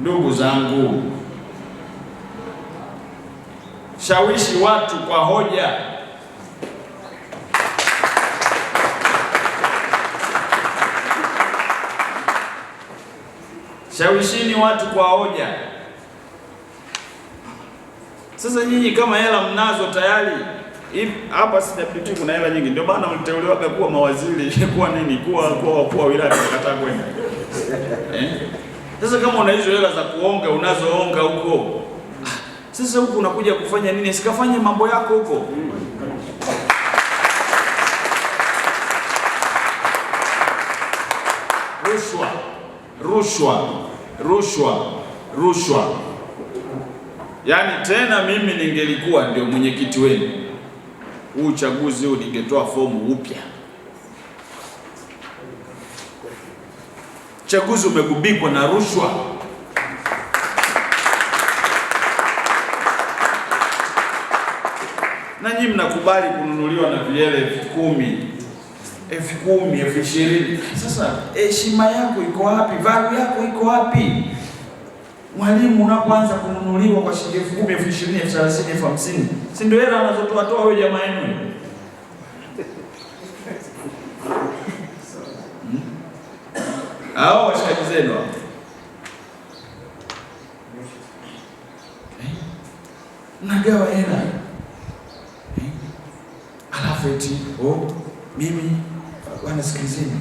Ndugu zangu, shawishi watu kwa hoja. Shawishini watu kwa hoja. Sasa nyinyi kama hela mnazo tayari hapa CWT kuna hela nyingi, ndio maana mliteuliwa kuwa mawaziri, kuwa nini, kuwa kuwa wakuu wa wilaya, mkakataa kwenda eh? Sasa kama una hizo hela za kuonga unazoonga huko, sasa huku unakuja kufanya nini? Sikafanye mambo yako huko. Rushwa, rushwa, rushwa, rushwa. Yaani tena mimi ningelikuwa ndio mwenyekiti wenu, huu uchaguzi huu ningetoa fomu upya. Uchaguzi umegubikwa na rushwa. Na nyinyi mnakubali kununuliwa na vilele elfu kumi elfu kumi elfu ishirini Sasa heshima yako iko wapi? Valu yako iko wapi? Mwalimu unapoanza kununuliwa kwa shilingi elfu kumi elfu ishirini elfu thelathini elfu hamsini si ndio hela anazotoa toa wewe jamaa yenu? wapendwa, eh? nagawa hela eh? alafu eti oh, mimi bwana, sikilizeni,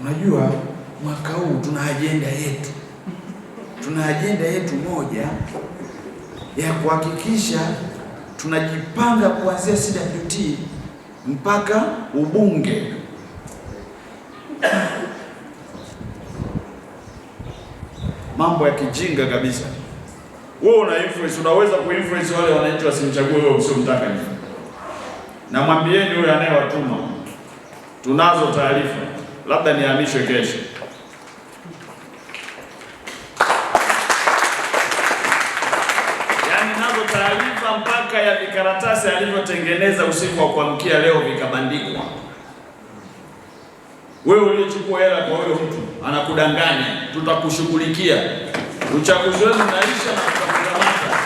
unajua mwaka huu tuna ajenda yetu, tuna ajenda yetu moja ya kuhakikisha tunajipanga kuanzia CWT mpaka ubunge mambo ya kijinga kabisa. Wewe una influence, unaweza kuinfluence wale wananchi wasimchague wewe usiomtaka nyinyi. Na mwambieni huyo anayewatuma, tunazo taarifa, labda nihamishwe kesho. Yaani nazo taarifa mpaka ya vikaratasi alivyotengeneza usiku wa kuamkia leo vikabandikwa. Wewe ulichukua hela kwa huyo mtu anakudanganya, tutakushughulikia. Uchaguzi wenu unaisha na tutakukamata.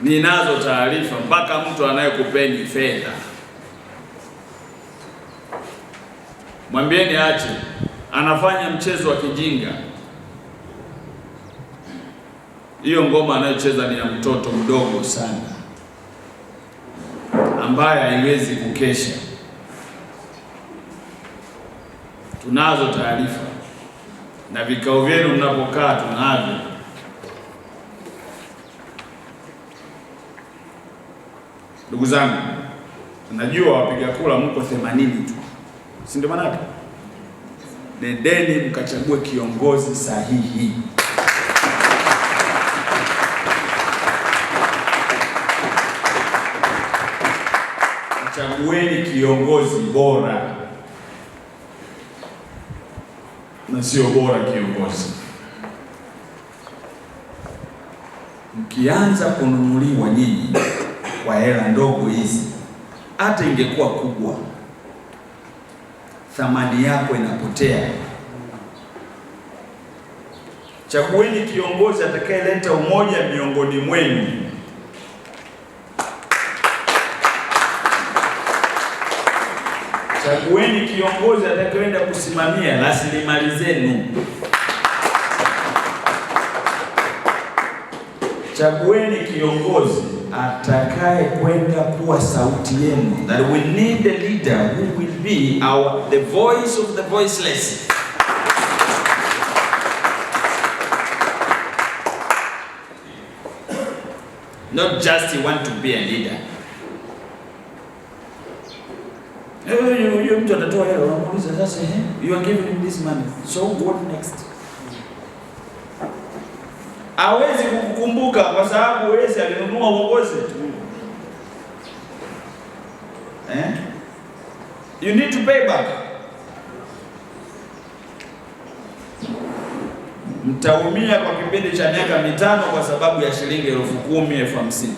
Ninazo taarifa mpaka mtu anayekupeni fedha mwambieni ache, anafanya mchezo wa kijinga. Hiyo ngoma anayocheza ni ya mtoto mdogo sana ambaye haiwezi kukesha. Tunazo taarifa na vikao vyenu mnapokaa tunavyo. Ndugu zangu, najua wapiga kura mko 80 tu, si ndio? Maana nendeni mkachague kiongozi sahihi. chagueni kiongozi bora na sio bora kiongozi. Mkianza kununuliwa nyinyi kwa hela ndogo hizi, hata ingekuwa kubwa, thamani yako inapotea. Chagueni kiongozi atakayeleta umoja miongoni mwenu. Chagueni kiongozi atakayeenda kusimamia rasilimali zenu. Chagueni kiongozi atakaye kwenda kuwa sauti yenu. That we need a leader who will be our the voice of the voiceless. Not just you want to be a leader. Huyo mtu atatoa hela, unamuuliza sasa, eh, you are giving him this money, so what next? Hawezi kukukumbuka kwa sababu wezi alinunua uongozi tu. Eh? You need to pay back. Mtaumia kwa kipindi cha miaka mitano kwa sababu ya shilingi elfu kumi elfu hamsini.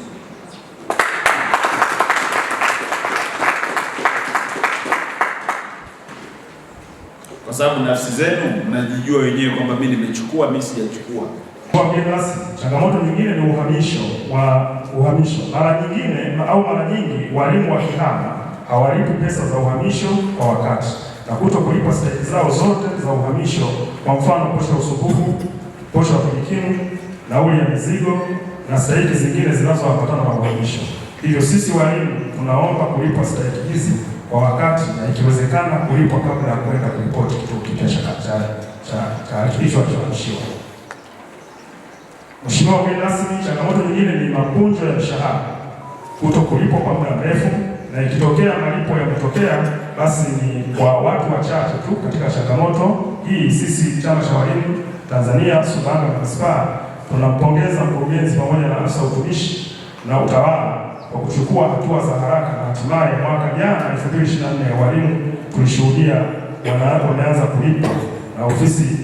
sababu nafsi zenu mnajijua wenyewe kwamba mimi nimechukua, mimi sijachukua. Basi changamoto nyingine ni uhamisho wa uhamisho. Mara nyingine au mara nyingi walimu wa kihama hawalipi pesa za uhamisho kwa wakati na kuto kulipa stahili zao zote za uhamisho, kwa mfano posho ya usumbufu, posho ya kujikimu, nauli ya mizigo na stahili zingine zinazoambatana na uhamisho. Hivyo sisi walimu tunaomba kulipwa stahiki hizi kwa wakati na ikiwezekana kulipwa kabla ya kwenda kuripoti kituo kipya cha kilichoamshiwa. Mheshimiwa mgeni rasmi, changamoto nyingine ni mapunjo ya mshahara kuto kulipwa kwa muda mrefu, na ikitokea malipo yametokea basi ni kwa watu wachache tu. Katika changamoto hii, sisi chama cha walimu Tanzania SUBANGA na manispaa tunampongeza mkurugenzi pamoja na afisa utumishi na utawala kwa kuchukua hatua za haraka, na hatimaye mwaka jana 2024 walimu tulishuhudia wameanza kulipa na ofisi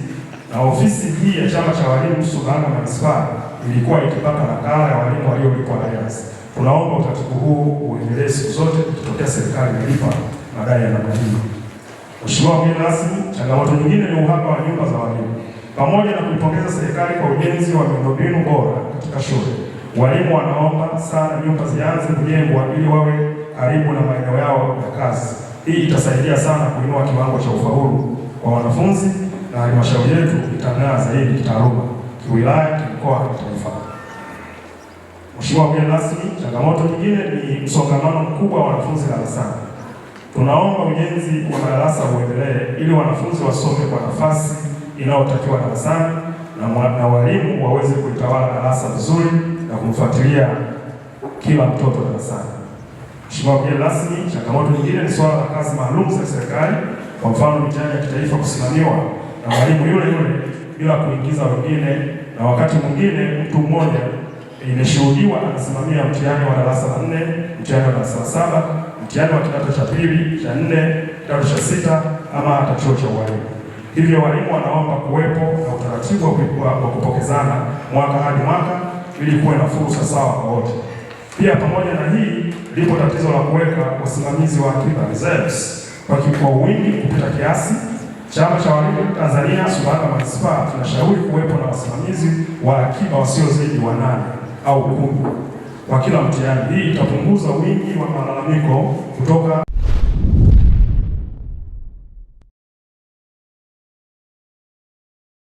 na ofisi hii ya chama cha walimu Sumbawanga manispaa ilikuwa ikipata nakala ya walimu waliolipwa na Yas. Tunaomba utaratibu huu uendelee siku zote kutokea serikali inalipa madai ya namna hii. Mheshimiwa mgeni rasmi, changamoto nyingine ni uhaba wa nyumba za walimu. Pamoja na kuipongeza serikali kwa ujenzi wa miundombinu bora katika shule Walimu wanaomba sana nyumba zianze kujengwa ili wawe karibu na maeneo yao ya kazi. Hii itasaidia sana kuinua kiwango cha ufaulu kwa wanafunzi na halmashauri yetu itang'aa zaidi kitaaluma, kiwilaya, kimkoa na kitaifa. Mheshimiwa mgeni rasmi, changamoto nyingine ni msongamano mkubwa wa wanafunzi darasani. Tunaomba ujenzi wa darasa uendelee ili wanafunzi wasome kwa nafasi inayotakiwa darasani na, na walimu waweze kuitawala darasa vizuri na kumfuatilia kila mtoto darasani. Mheshimiwa mgeni rasmi, changamoto nyingine ni swala la kazi maalum za serikali, kwa mfano mitihani ya kitaifa kusimamiwa na mwalimu yule yule bila kuingiza wengine, na wakati mwingine mtu mmoja imeshuhudiwa anasimamia mtihani wa darasa la nne, mtihani wa darasa la saba, mtihani wa kidato cha pili, cha nne, kidato cha sita ama hata chuo cha ualimu. Hivyo walimu wanaomba kuwepo na utaratibu wa kupokezana mwaka hadi mwaka ili kuwe na fursa sawa kwa wote. Pia pamoja na hii, lipo tatizo la kuweka wasimamizi wa akiba reserves kwa wingi kupita kiasi. Chama cha Walimu Tanzania SUBATA manispaa tunashauri kuwepo na wasimamizi wa akiba wasio zaidi wa nane au kumi kwa kila mtihani. Hii itapunguza wingi wa malalamiko kutoka